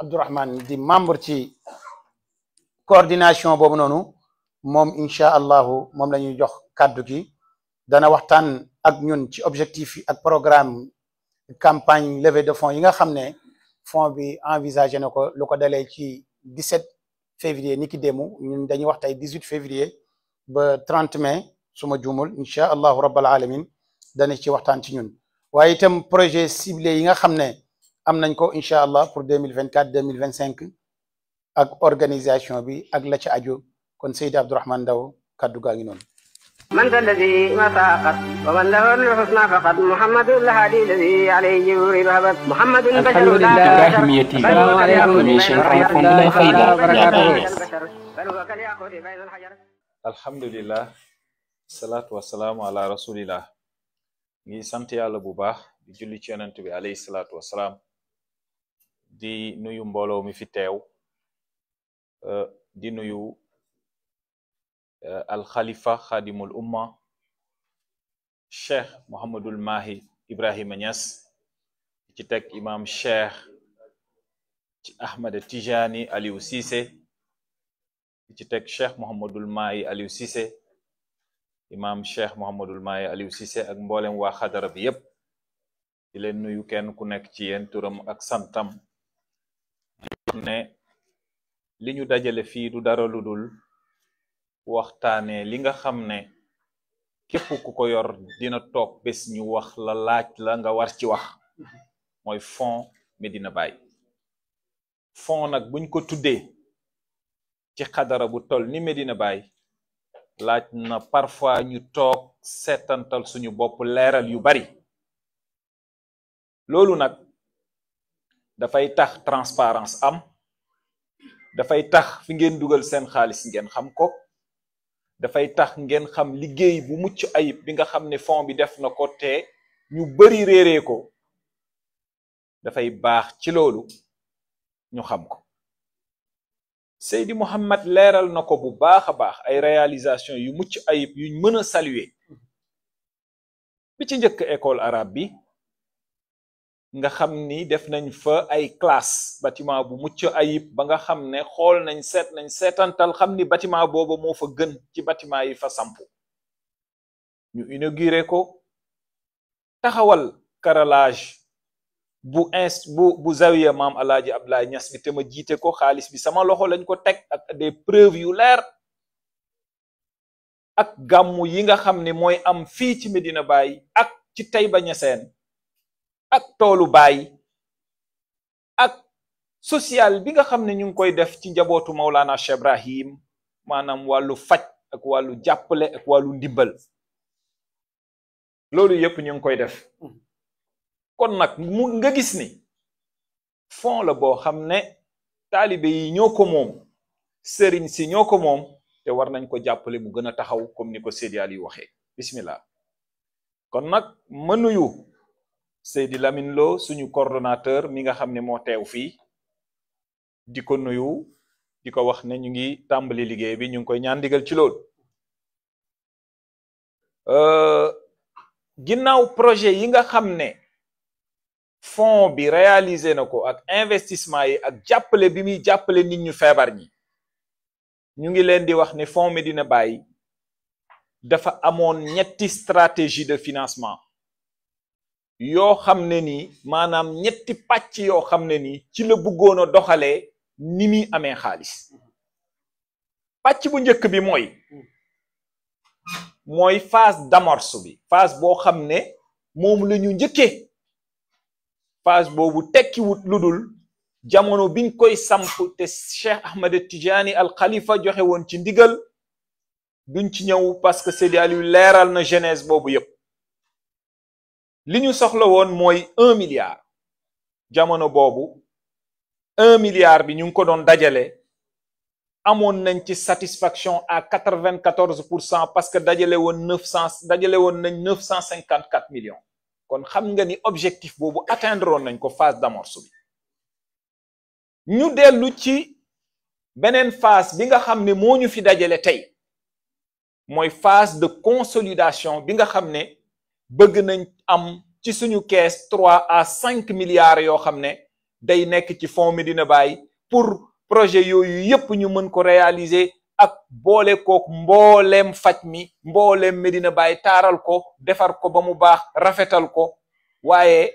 Abdourahmane di membre ci coordination boobu noonu moom incha allahu moom la ñuy jox kàddu gi dana waxtaan ak ñun ci objectif yi ak programme campagne levée de fonds yi nga xam ne fonds bi envisagé na ko lu ko dalee ci 17 février niki dému ñun dañuy wax tey 18 février ba trente mai suma juumul incha allahu rabbal alamin dana ci waxtaan ci ñun waaye projet ciblé yi nga xam ne am nañ ko incha allah pour deux mille vingt quatre deux mille vingt cinq ak organisation bi ak la ca aju kon Seydi Abdourahmane Ndaw kaddu gaa ngi noonu. من ذا الذي ما فاقت ومن له الحسنى فقد محمد الهادي الذي عليه جبريل هبت محمد البشر الحمد لله حميتي السلام عليكم يا شيخ رحمة الله خيرا الحمد لله الصلاة والسلام على رسول الله ني سانت يالا بو باخ دي جولي تي يونت بي عليه الصلاه والسلام di nuyu mbooloo mi fi teew euh, di nuyu euh, alxalifa xadimul umma cheikh Mohamadul Mahi Ibrahima Niass ci teg imam cheikh ci Ahmed Tijani Aliou Cissé ci teg cheikh Mohamadul Mahi Aliou Cissé imam cheikh Mohamadul Mahi Aliou Cissé ak mboolem waa xadara bi yépp di leen nuyu kenn ku nekk ci yéen turam ak santam ne li ñu dajale fii du dara lu dul waxtaane li nga xam ne képp ku ko yor dina toog bés ñu wax la laaj la nga war ci wax mooy fon Medina Baye fond nag buñ ko tuddee ci xadara bu tol ni Medina Baye laaj na parfois ñu toog seetantal suñu bopp leeral yu bari loolu nag dafay tax transparence am dafay tax fi ngeen dugal seen xaalis ngeen xam ko dafay tax ngeen xam liggéey bu mucc ayib bi nga xam ne fond bi def na ko te ñu bari réeree ko dafay baax ci loolu ñu xam ko Seydi Mouhammad leeral na ko bu baax a baax ay réalisation yu mucc ayib yuñ mën a saluer bi ci njëkk école arabe bi nga xam ni def nañ fa ay classe bâtiment bu mucc ayib ba nga xam ne xool nañ seet nañ seetantal xam ni bâtiment booba moo fa gën ci bâtiment yi fa sampu ñu inauguré ko taxawal carrelage bu ins bu bu zawiya maam alaaji Abdoulaye Niass bi te ma jiite ko xaalis bi sama loxo lañ ko teg ak des preuves yu leer ak gàmmu yi nga xam ne mooy am fii ci Medina Baye ak ci Taïba Niassène ak toolu baay ak social bi nga xam ne ñu ngi koy def ci njabootu Maulana Cheikh Ibrahim maanaam wàllu faj ak wàllu jàppale ak wàllu ndimbal loolu yëpp ñu ngi koy def kon nag mu nga gis ni fond la boo xam ne taalibe yi ñoo ko moom sëriñ si ñoo ko moom te war nañ ko jàppale mu gën a taxaw comme ni ko Seydi Aliou waxee bismillah kon nag manuyu Seydi Lamine Lo suñu cordonateur mi nga xam ne moo teew fii di ko nuyu di ko wax ne ñu ngi tàmbali liggéey bi ñu ngi koy ñaan ndigal ci loolu euh, ginnaaw projet yi nga xam ne fond bi réalisé na ko ak investissement yi ak jàppale bi muy jàppale nit ñu feebar ñi ñu ngi leen di wax ne fond Médina Baye dafa amoon ñetti stratégie de financement yoo xam ne nii maanaam ñetti pàcc yoo xam ne nii ci la bëggoon a doxalee ni muy amee xaalis pàcc bu njëkk bi mooy mooy phase d'amorce bi phase boo xam ne moom la njëkkee phase boobu tekkiwut lu dul jamono biñ koy samp te Cheikh Ahmed Tidiane al Khalifa joxe woon ci ndigal duñ ci ñëw parce que Seydi Aliou leeral na jeunesse boobu yëpp. li ñu soxla woon mooy un milliard jamono boobu un milliard bi ñu ngi ko doon dajale amoon nañ ci satisfaction à quatre vingt quatorze pour cent parce que dajale woon dajale woon nañ neuf cent cinquante quatre millions kon xam nga ni objectif boobu atteindre woon nañ ko phase d'amorce bi ñu dellu ci beneen phase bi nga xam ne moo ñu fi dajale tey mooy phase de consolidation bi nga xam ne bëgg nañ am ci suñu kees trois à cinq milliards yoo xam ne day nekk ci fonds Médina Baye pour projet yooyu yëpp ñu mën ko réaliser ak boole kook mbooleem faj mi mbooleem Médina Baye taaral ko defar ko ba mu baax rafetal ko waaye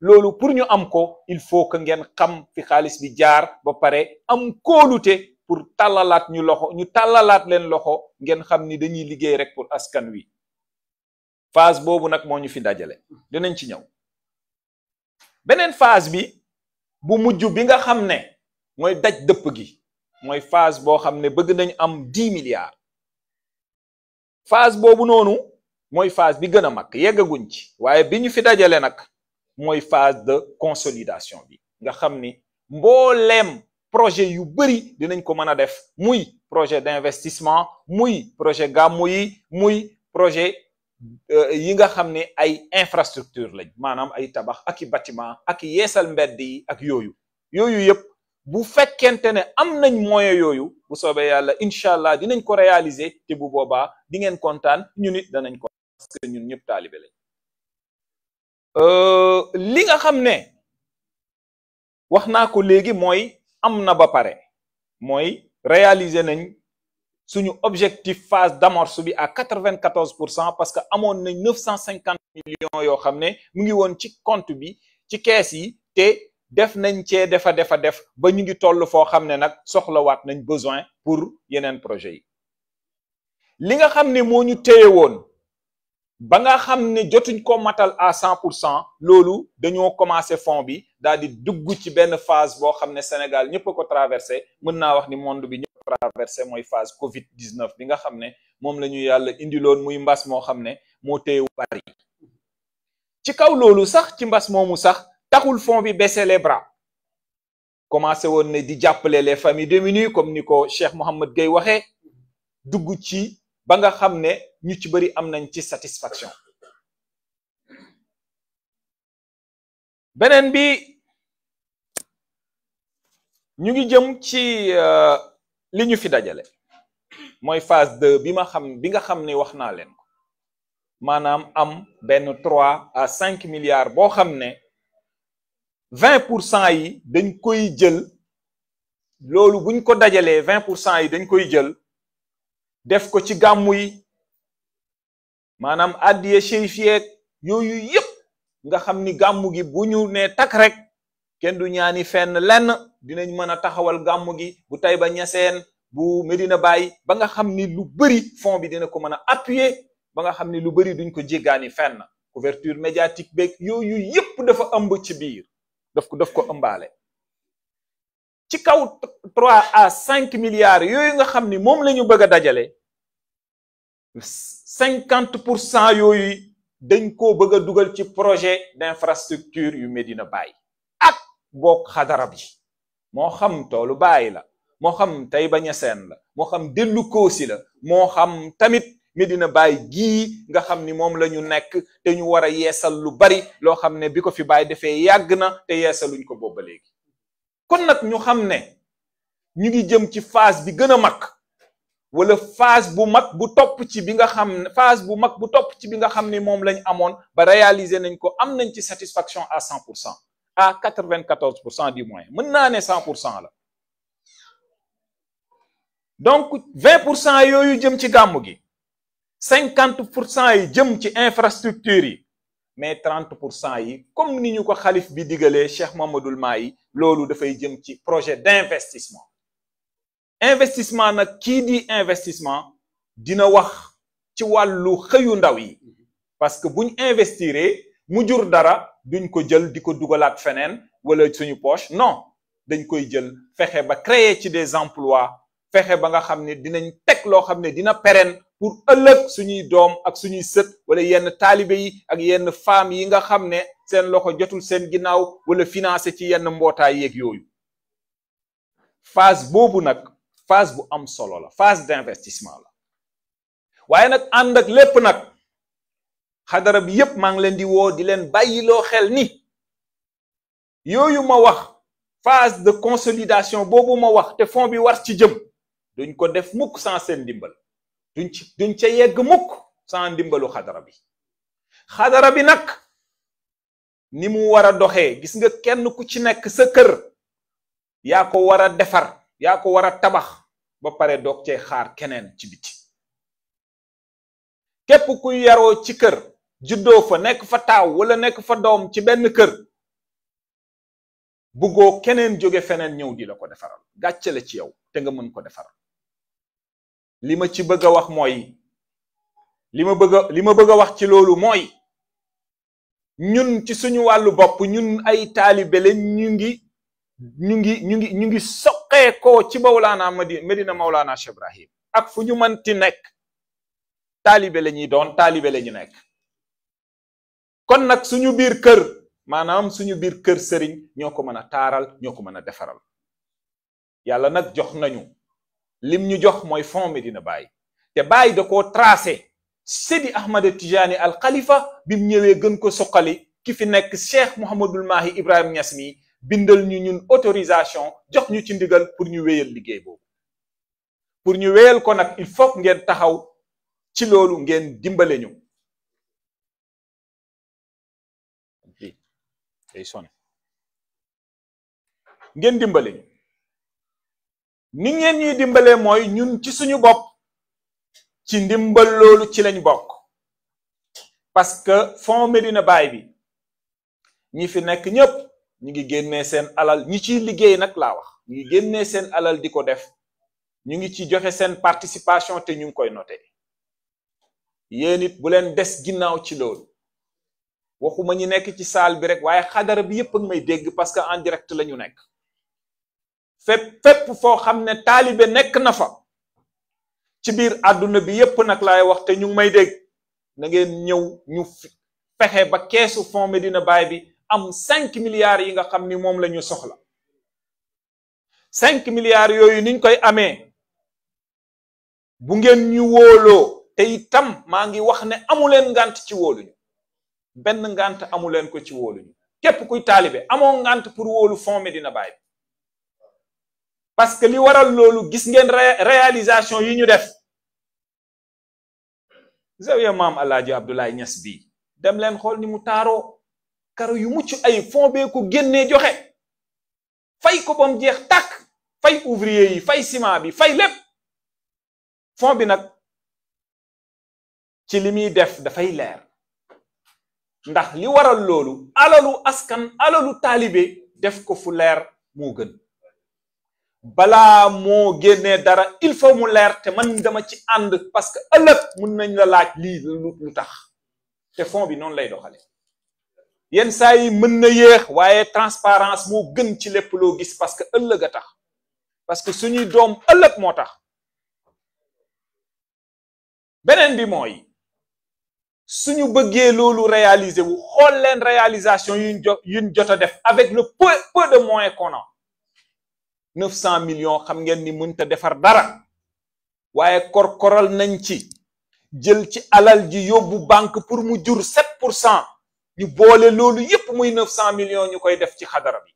loolu pour ñu am ko il faut que ngeen xam fi xaalis bi jaar ba pare am kóolute pour tàllalaat ñu loxo ñu tàllalaat leen loxo ngeen xam ni dañuy liggéey rek pour askan wi phase boobu nag moo ñu fi dajale dinañ ci ñëw beneen phase bi bu mujj bi nga xam ne mooy daj dëpp gi mooy phase boo xam ne bëgg nañu am dix milliards phase boobu noonu mooy phase bi gën a mag yeggaguñ ci waaye bi ñu fi dajale nag mooy phase de consolidation bi nga xam ni mbooleem projet yu bëri dinañ ko mën a def muy projet d'investissement muy projet gàmmu yi muy projet Euh, yi nga xam ne ay infrastructure lañ maanaam ay tabax ak i bâtiment ak i yeesal mbedd yi ak yooyu yooyu yëpp bu fekkente ne am nañ moyen yooyu bu soobee yàlla incha allah dinañ ko réaliser te bu boobaa di ngeen kontaan ñun it danañ ko parce que ñun ñëpp taalibe lañ euh, li nga xam ne wax naa ko léegi mooy am na ba pare mooy réaliser nañ suñu objectif phase d'amorce bi à quatre vingt pour cent parce que amoon nañ neuf cent cinquante yoo xam ne mu ngi woon ci compte bi ci kees yi te def nañ cee defa defa def ba ñu ngi toll foo xam ne nag soxlawaat nañ besoin pour yeneen projet yi li nga xam ne moo ñu téye woon ba nga xam ne jotuñ ko matal à cent pour cent loolu dañoo commencé fond bi daal di dugg ci benn phase boo xam ne Sénégal ñëpp ko traversé mën naa wax ni monde bi ñëpp traversé mooy phase Covid 19 bi nga xam ne moom la ñu yàlla indiloon muy mbas moo xam ne moo téye bari ci kaw loolu sax ci mbas moomu sax taxul fond bi baisser les bras commencé woon ne di jàppale les familles démunies comme ni ko Cheikh Mouhamad Gueye waxee dugg ci ba nga xam ne. ñu ci bari am nañ ci satisfaction beneen bi ñu ngi jëm ci euh, li ñu fi dajale mooy phase deux bi ma xam bi nga xam ni wax naa leen ko maanaam am benn trois à cinq milliards boo xam ne vingt pour cent yi dañ koy jël loolu buñ ko dajalee vingt pour cent yi dañ koy jël def ko ci gàmmu yi maanaam addiye cheyfiyeeg yooyu yëpp nga xam ni gàmmu gi bu ñu ne tak rek kenn du ñaani fenn lenn dinañ mën a taxawal gàmmu gi bu ba Niassène bu Medina Baye ba nga xam ni lu bëri fond bi dina ko mën a appuyer ba nga xam ni lu bëri duñ ko jéggaani fenn couverture médiatique beeg yooyu yëpp dafa ëmb ci biir daf ko daf ko ëmbaale ci kaw 3 à 5 milliards yooyu nga xam ni moom la ñu bëgg a dajale cinquante pour cent yooyu dañ koo bëgg a dugal ci projet d'infrastructure yu Medina Baye ak book xadara bi moo xam toolu Baye la moo xam Taïba Niassène la moo xam dellu koosi la moo xam tamit Medina Baye gii nga xam ni moom lañu nekk te ñu war a yeesal lu bari loo xam ne bi ko fi Baye defee yàgg na te yeesaluñ ko booba léegi kon nag ñu xam ne ñu ngi jëm ci phase bi gën a mag wala phase bu mag bu topp ci bi nga xam ne phase bu mag bu topp ci bi nga xam ni moom lañ amoon ba réaliser nañ ko am nañ ci satisfaction à cent pour cent à quatre vingt quatorze pour cent du moins mën naa ne cent pour cent la donc pour cent yooyu jëm ci gàmmu gi cinquante pour cent yi jëm ci infrastructure yi mais trente pour cent yi comme ni ñu ko xalif bi digalee Cheikh Mamadoul yi loolu dafay jëm ci projet d'investissement investissement nag kii di investissement dina wax ci wàllu xëyu ndaw yi parce que buñ investiré mu jur dara duñ ko jël di ko dugalaat feneen wala suñu poche non dañ koy jël fexe ba créer ci des emplois fexe ba nga xam ne dinañ teg loo xam ne dina pérenne pour ëllëg suñuy doom ak suñuy sët wala yenn taalibe yi ak yenn femmes yi nga xam ne seen loxo jotul seen ginnaaw wala financé ci yenn mbootaay yeeg yooyu phase boobu nag phase bu am solo la phase d'investissement la waaye nag ànd ak lépp nag xadara bi yépp maa ngi leen di woo di leen bàyyiloo xel ni yooyu ma wax phase de consolidation boobu ma wax te fond bi war ci jëm duñ ko def mukk sans seen ndimbal duñ ci ca yegg mukk sans ndimbalu xadara bi xadara bi nag ni mu war a doxee gis nga kenn ku ci nekk sa kër yaa ko war a defar yaa ko war a tabax ba pare doog ce xaar keneen ci biti képp kuy yaroo ci kër juddoo fa nekk fa taaw wala nekk fa doom ci benn kër buggoo keneen jóge feneen ñëw di la ko defaral gàcce ci yow te nga mën ko defaral lima ci bëgg a wax mooy li ma bëgg a wax ci loolu mooy ñun ci suñu wàllu bopp ñun ay taalibe lañ ñu ngi ñu ngi ñu ngi ñu ngi sopp soqeekoo ci mawlaana Madina Medina mawlaana Cheikh Ibrahim ak fu ñu mënti nekk taalibe la ñuy doon taalibe la ñu nekk kon nag suñu biir kër maanaam suñu biir kër sëriñ ñoo ko mën a taaral ñoo ko mën a defaral yàlla nag jox nañu lim ñu jox mooy fond Medina Baye te Baye da koo tracé Sidi Ahmad Tijani al Khalifa bi mu ñëwee gën ko suqali ki fi nekk Cheikh Mouhamadul Mahi Ibrahim Niass mi bindal ñu ñun autorisation jox ñu ci ndigal pour ñu wéyal liggéey boobu pour ñu wéyal ko nag il faut ngeen taxaw ci loolu ngeen dimbale ñu day sonné ngeen dimbale ni ngeen ñuy dimbalee mooy ñun ci suñu bopp ci ndimbal loolu ci lañ bokk parce que Fonds Médina baay bi ñi fi nekk ñëpp ñu ngi génnee seen alal ñi ciy liggéey nag laa wax ñu ngi génnee seen alal di ko def ñu ngi ci joxe seen participation te ñu ngi koy noté yéen it bu leen des ginnaaw ci loolu waxuma ñi nekk ci saal bi rek waaye xadara bi yëpp ak may dégg parce que en direct la nekk fépp fépp foo xam ne taalibe nekk na fa ci biir àdduna bi yëpp nag laay wax te ñu ngi may dégg na ngeen ñëw ñu fexe ba keesu Fonds dina baay bi am cinq milliards yi nga xam ni moom la ñu soxla cinq milliards yooyu niñ koy amee bu ngeen ñu wóoloo te tam maa ngi wax ne amuleen ngant ci wóoluñu benn ngant amuleen ko ci wóoluñu képp kuy taalibe amoo ngant pour wóolu Fonds dina Baye parce que li waral loolu gis ngeen réalisation yi ñu def zawiya maam Alaaji Abdoulaye Niass bi dem xool ni mu taaroo karo yu mucc ay fond bee ko génnee joxe fay ko bam jeex tàkk fay ouvrier yi fay ciment bi fay lépp fon bi nag ci li muy def dafay leer ndax li waral loolu alalu askan alalu taalibe def ko fu leer moo gën balaa moo génnee dara il faut mu leer te man dama ci ànd parce que ëllëg mun nañ la laaj lii lu tax te fond bi noonu lay doxale yenn saa yi mën na yéex waaye transparence moo gën ci lépp loo gis parce que ëllëg a tax parce que suñuy doom ëllëg moo tax beneen bi mooy suñu bëggee loolu réalisé wu xool leen réalisation yuñ jot a def avec le peu peu de moyens qu'on million xam ngeen ni mënta defar dara waaye korkoral nañ ci jël ci alal ji yóbbu banque pour mu jur sept pour cent ñu boole loolu yépp muy 900 million ñu koy def ci xadara bi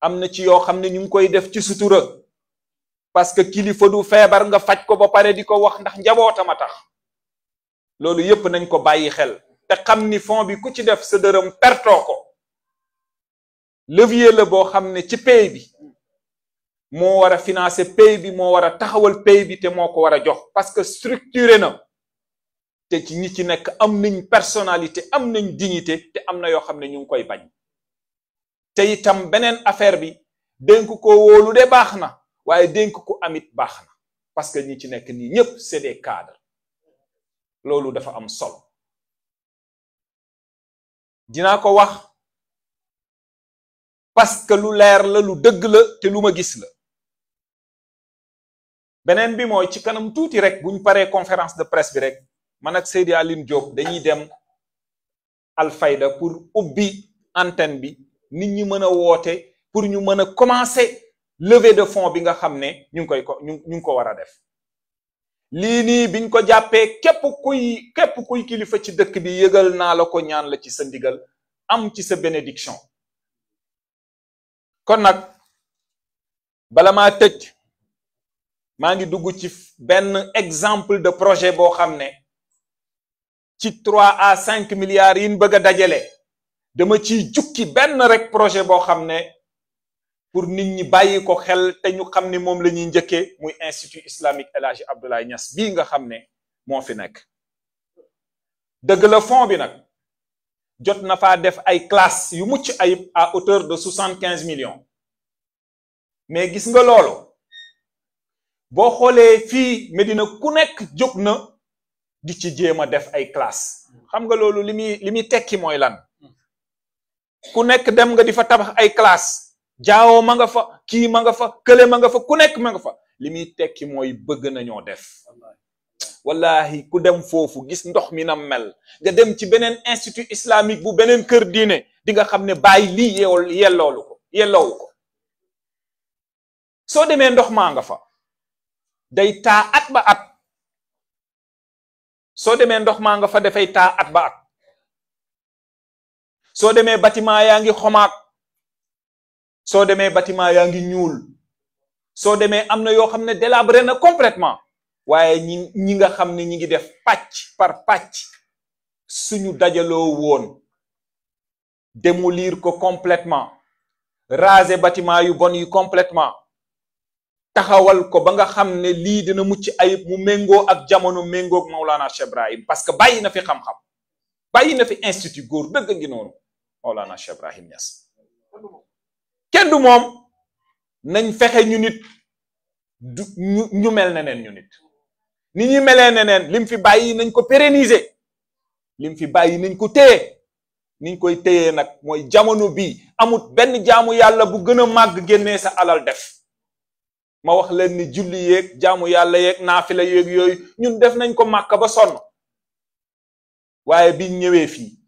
am na ci yoo xam ne ñu ngi koy def ci sutura parce que kilifa du feebar nga faj ko ba pare di ko wax ndax njabootam a tax loolu yépp nañ ko bàyyi xel te xam ni fond bi ku ci def sa dërëm perto ko levier la boo xam ne ci pay bi moo war a financer pay bi moo war a taxawal pay bi te moo ko war a jox parce que structuré na te ci ñi ci nekk am nañ personnalité am nañ dignité te am na yoo xam ne ñu ngi koy bañ te itam beneen affaire bi dénk ko wóolu de baax na waaye dénk ko amit baax na parce que ñi ci nekk nii ñëpp c'est des cadres loolu dafa am solo dinaa ko wax parce lu leer la lu dëgg la te lu ma gis la beneen bi mooy ci kanam tuuti rek buñ paree conférence de presse bi rek man ak Seydi Aline Diop dañuy dem Alfayda pour ubbi antenne bi nit ñi mën a woote pour ñu mën a commencer lever de fonds bi nga xam ne ñu ngi koy ko ñu ngi ko war a def lii nii biñ ko jàppee képp kuy képp kuy kilifa ci dëkk bi yëgal naa la ko ñaan la ci sa ndigal am ci sa bénédiction kon nag bala maa tëj maa ngi dugg ci benn exemple de projet boo xam ne ci trois à cinq milliards yi ñu bëgg a dajale dama ci jukki benn rek projet boo xam ne pour nit ñi bàyyi ko xel te ñu xam ne moom la ñuy njëkkee muy institut islamique El Hadji Abdoulaye Niass bii nga xam ne moo fi nekk dëgg la fond bi nag jot na faa def ay classes yu mucc ayib à hauteur de soixante quinze millions mais gis nga loolu boo xoolee fii Medina ku nekk jóg na di ci jéem a def ay classe xam nga loolu li muy li muy tekki mooy lan ku nekk dem nga di fa tabax ay classe jaawoo ma nga fa kii ma nga fa kële ma nga fa ku nekk ma nga fa li muy tekki mooy bëgg nañoo def wallahi ku dem foofu gis ndox mi nam mel nga dem ci beneen institut islamique bu beneen kër diine di nga xam ne baay lii yeewul yelloolu ko yelloowu ko soo demee ndox maa nga fa day taa at ba at soo demee ndox maa nga fa dafay taa at ba at soo demee bâtiment yaa ngi xomaag soo demee bâtiment yaa ngi ñuul soo demee am na yoo xam ne délabré na completement waaye ñi nga xam ne ñi ngi def pàcc par pàcc suñu dajaloo woon démolir ko complètement raser bâtiment yu bon yu complètement taxawal ko ba nga xam ne lii dina mucc ayib mu méngoo ak jamono méngoog Maulana Cheikh Ibrahim parce que bàyyi na fi xam-xam bàyyi na fi institut góor dëgg ngi noonu Maulana Cheikh Ibrahim Niass kenn du moom nañ fexe ñu nit du ñu mel neneen ñu nit ni ñuy ne neneen lim fi bàyyi nañ ko pérenniser lim fi bàyyi nañ ko téye niñ koy téyee nag mooy jamono bi amut benn jaamu yàlla bu gën a màgg génnee sa alal def ma wax leen ni julli yeeg jaamu yàlla yeeg naafila yeeg yooyu ñun def nañ ko màkk ba sonn waaye biñ ñëwee fii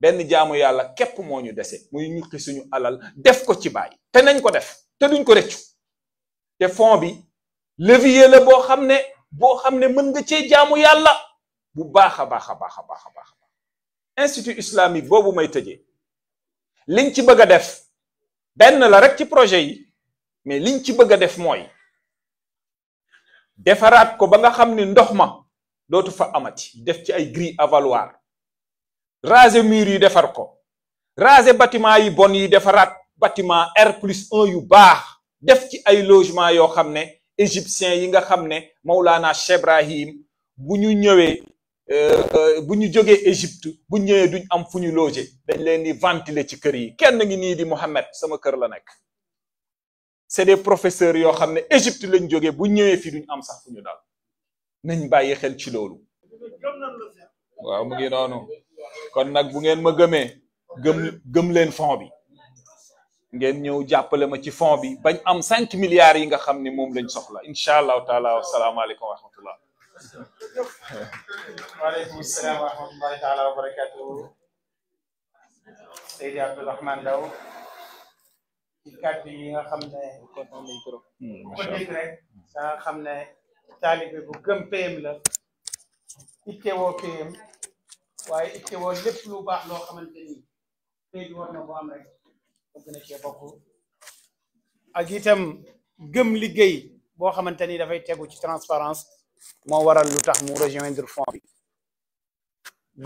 benn jaamu yàlla képp moo ñu dese muy ñuqi suñu alal def ko ci baay te nañ ko def te duñ ko rëccu te fon bi levier la boo xam ne boo xam ne mën nga cee jaamu yàlla bu baax a baax baax a baax a baax institut islamique boobu may tëjee liñ ci bëgg a def benn la rek ci projet yi mais liñ ci bëgg a def mooy defaraat ko ba nga xam ni ndox ma dootu fa amati def ci ay grille avaloir raser mur yi defar ko raser bâtiment yi bon yi defaraat bâtiment R plus 1 yu baax def ci ay logement yoo xam ne égyptien yi nga xam ne Maulana Cheikh Ibrahim bu ñu ñëwee euh, bu ñu jógee Égypte bu ñëwee duñ am fu ñu loger dañ leen di ventiler ci kër yi kenn ngi nii di Mohammed sama kër la nekk c'est des professeurs yoo xam ne Égypte lañ jógee bu ñëwee fii duñ am sax fu ñu daal nañ bàyyi xel ci loolu waaw mu ngi noonu kon nag bu ngeen ma gëmee gëm gëm leen fond bi ngeen ñëw jàppale ma ci fond bi bañ am cinq milliards yi nga xam ne moom lañ soxla incha allahu taala wasalaamaaleykum wa rahmatullah waaleykum ci kàddu yi nga xam ne kontaan nañ trop hmm, ko dégg nga xam ne taalibe bu gëm PM la ittewoo PM waaye ittewoo lépp lu baax loo xamante ni tey bi war na bu am rek bëgg na cee bokk ak itam gëm liggéey boo xamante ni dafay tegu ci transparence moo waral lu tax mu rejoindre fond bi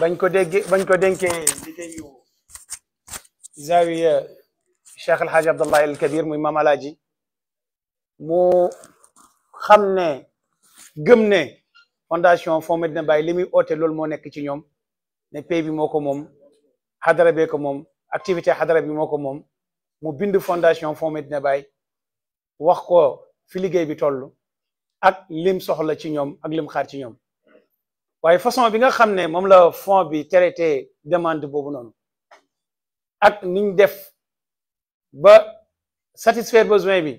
bañ ko dégg bañ ko dénkee liggéeyu zawiya cheikh El Hadj Abdallahi El Kabir muy maam mu xam ne gëm ne fondation Fonds Medina Baye li muy oote loolu moo nekk ci ñoom ne pays bi moo ko moom xadara bee ko moom activité xadara bi moo ko moom mu bind fondation Fonds Medina Baye wax ko fi liggéey bi toll ak lim soxla ci ñoom ak lim xaar ci ñoom waaye façon bi nga xam ne moom la fond bi traité demande boobu noonu ak niñ def. ba satisfaire besoin bi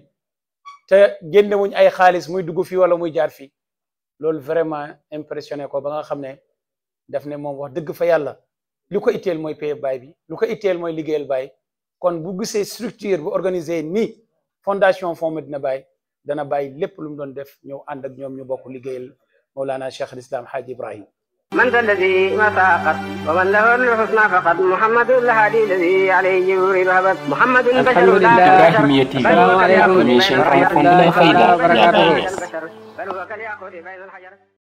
te génnewuñ ay xaalis muy dugg fi wala muy jaar fii loolu vraiment impressionné ko ba nga xam ne daf ne moom wax dëgg fa yàlla lu ko itteel mooy paye baay bi lu ko itteel mooy liggéeyal baay kon bu gisee structure bu organiser ni fondation Fonds Medina Baye dana bàyyi lépp lu mu doon def ñëw ànd ak ñoom ñu bokk liggéeyal Mawlana Cheikh al Islam Hadj Ibrahim من ذا الذي ما فاقت ومن له الحسنى فقد محمد الهادي الذي عليه جبور الهبت محمد بشر الحمد لله حميتي السلام عليكم من شيخ الحمد لله فايدة يا باشا بل هو كالياقوت بين الحجر